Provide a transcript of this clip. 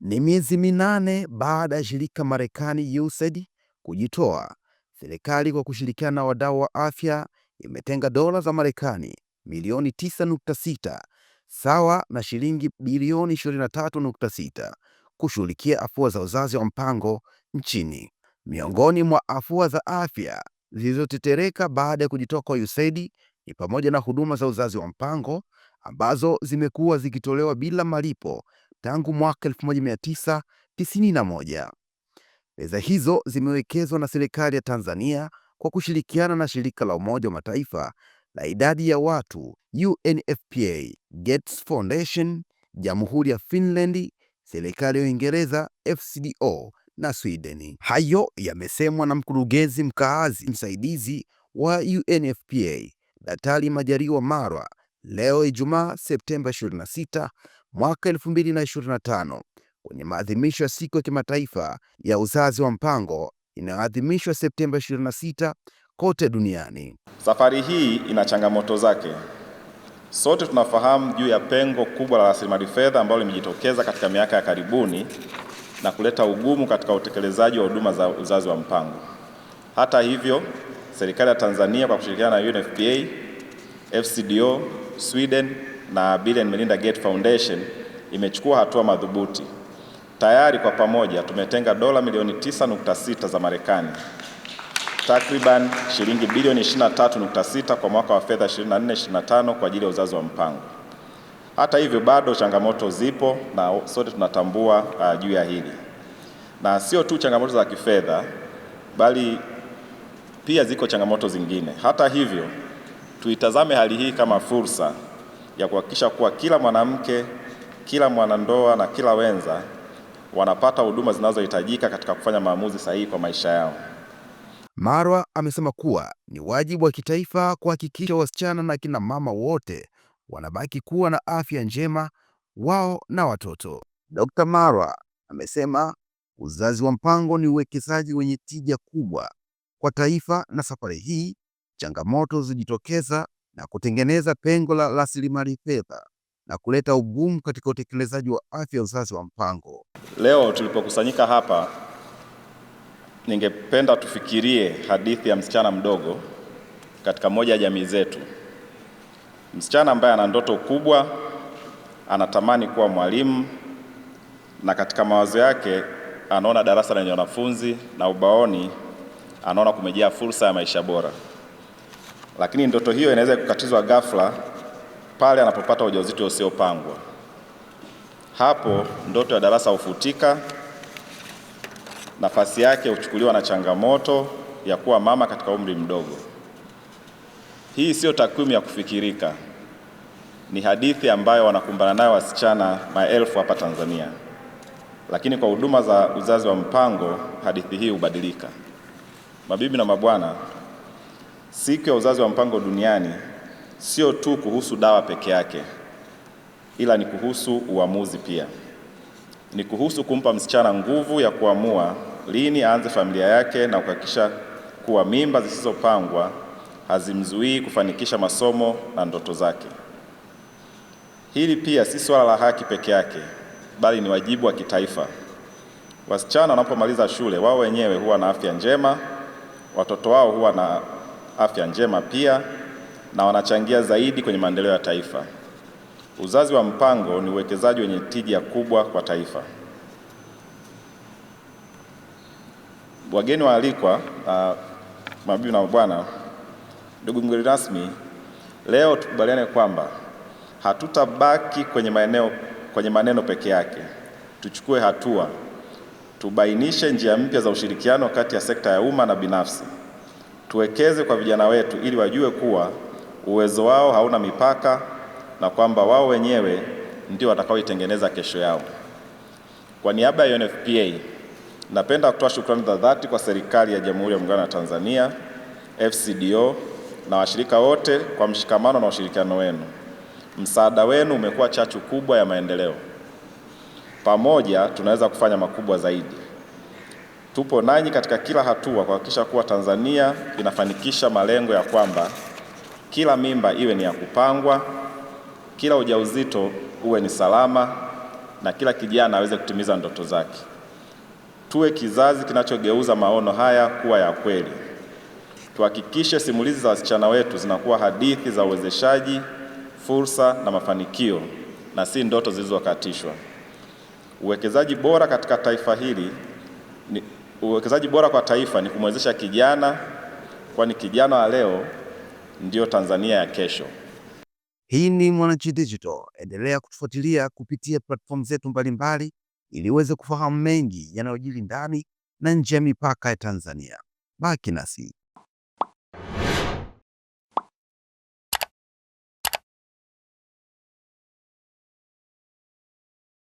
Ni miezi minane baada ya shirika Marekani USAID kujitoa, serikali kwa kushirikiana na wadau wa afya imetenga dola za Marekani milioni 9.6 sawa na shilingi bilioni 23.6 kushughulikia afua za uzazi wa mpango nchini. Miongoni mwa afua za afya zilizotetereka baada ya kujitoa kwa USAID ni pamoja na huduma za uzazi wa mpango ambazo zimekuwa zikitolewa bila malipo tangu mwaka 1991. Pesa hizo zimewekezwa na serikali ya Tanzania kwa kushirikiana na shirika la Umoja wa Mataifa la idadi ya watu UNFPA, Gates Foundation, Jamhuri ya Finland, serikali ya Uingereza, FCDO na Sweden. Hayo yamesemwa na mkurugenzi mkaazi msaidizi wa UNFPA, Daktari Majaliwa Marwa leo Ijumaa Septemba 26 mwaka 2025 kwenye maadhimisho ya siku ya kimataifa ya uzazi wa mpango inayoadhimishwa Septemba 26 kote duniani. Safari hii ina changamoto zake. Sote tunafahamu juu ya pengo kubwa la rasilimali fedha ambalo limejitokeza katika miaka ya karibuni na kuleta ugumu katika utekelezaji wa huduma za uzazi wa mpango. Hata hivyo, serikali ya Tanzania kwa kushirikiana na UNFPA, FCDO, Sweden na Bill and Melinda Gates Foundation imechukua hatua madhubuti. Tayari kwa pamoja tumetenga dola milioni 9.6 za Marekani, takriban shilingi bilioni 23.6 kwa mwaka wa fedha 24/25 kwa ajili ya uzazi wa mpango. Hata hivyo, bado changamoto zipo na sote tunatambua uh, juu ya hili, na sio tu changamoto za kifedha bali pia ziko changamoto zingine. Hata hivyo, tuitazame hali hii kama fursa ya kuhakikisha kuwa kila mwanamke, kila mwanandoa na kila wenza wanapata huduma zinazohitajika katika kufanya maamuzi sahihi kwa maisha yao. Marwa amesema kuwa ni wajibu wa kitaifa kuhakikisha wasichana na kina mama wote wanabaki kuwa na afya njema wao na watoto. Dr. Marwa amesema uzazi wa mpango ni uwekezaji wenye tija kubwa kwa taifa na safari hii changamoto zijitokeza na kutengeneza pengo la rasilimali fedha na kuleta ugumu katika utekelezaji wa afya uzazi wa mpango. Leo tulipokusanyika hapa, ningependa tufikirie hadithi ya msichana mdogo katika moja ya jamii zetu, msichana ambaye ana ndoto kubwa, anatamani kuwa mwalimu, na katika mawazo yake anaona darasa lenye wanafunzi na ubaoni anaona kumejaa fursa ya maisha bora lakini ndoto hiyo inaweza kukatizwa ghafla pale anapopata ujauzito usiopangwa. Hapo ndoto ya darasa hufutika, nafasi yake huchukuliwa na changamoto ya kuwa mama katika umri mdogo. Hii siyo takwimu ya kufikirika, ni hadithi ambayo wanakumbana nayo wasichana maelfu hapa Tanzania. Lakini kwa huduma za uzazi wa mpango, hadithi hii hubadilika. Mabibi na mabwana siku ya uzazi wa mpango duniani sio tu kuhusu dawa peke yake, ila ni kuhusu uamuzi pia. Ni kuhusu kumpa msichana nguvu ya kuamua lini aanze familia yake na kuhakikisha kuwa mimba zisizopangwa hazimzuii kufanikisha masomo na ndoto zake. Hili pia si swala la haki peke yake, bali ni wajibu wa kitaifa. Wasichana wanapomaliza shule, wao wenyewe huwa na afya njema, watoto wao huwa na afya njema pia na wanachangia zaidi kwenye maendeleo ya taifa. Uzazi wa mpango ni uwekezaji wenye tija kubwa kwa taifa. Wageni waalikwa, uh, mabibi na mabwana, ndugu mgeni rasmi, leo tukubaliane kwamba hatutabaki kwenye maeneo, kwenye maneno peke yake. Tuchukue hatua, tubainishe njia mpya za ushirikiano kati ya sekta ya umma na binafsi. Tuwekeze kwa vijana wetu ili wajue kuwa uwezo wao hauna mipaka na kwamba wao wenyewe ndio watakaoitengeneza kesho yao. Kwa niaba ya UNFPA napenda kutoa shukrani za dhati kwa serikali ya Jamhuri ya Muungano wa Tanzania, FCDO na washirika wote kwa mshikamano na ushirikiano wenu. Msaada wenu umekuwa chachu kubwa ya maendeleo. Pamoja tunaweza kufanya makubwa zaidi. Tupo nanyi katika kila hatua kuhakikisha kuwa Tanzania inafanikisha malengo ya kwamba kila mimba iwe ni ya kupangwa, kila ujauzito uwe ni salama na kila kijana aweze kutimiza ndoto zake. Tuwe kizazi kinachogeuza maono haya kuwa ya kweli. Tuhakikishe simulizi za wasichana wetu zinakuwa hadithi za uwezeshaji, fursa na mafanikio na si ndoto zilizokatishwa. Uwekezaji bora katika taifa hili ni Uwekezaji bora kwa taifa ni kumwezesha kijana, kwani kijana wa leo ndio Tanzania ya kesho. Hii ni Mwananchi Digital, endelea kutufuatilia kupitia platform zetu mbalimbali ili uweze kufahamu mengi yanayojiri ndani na nje ya mipaka ya Tanzania. Baki nasi.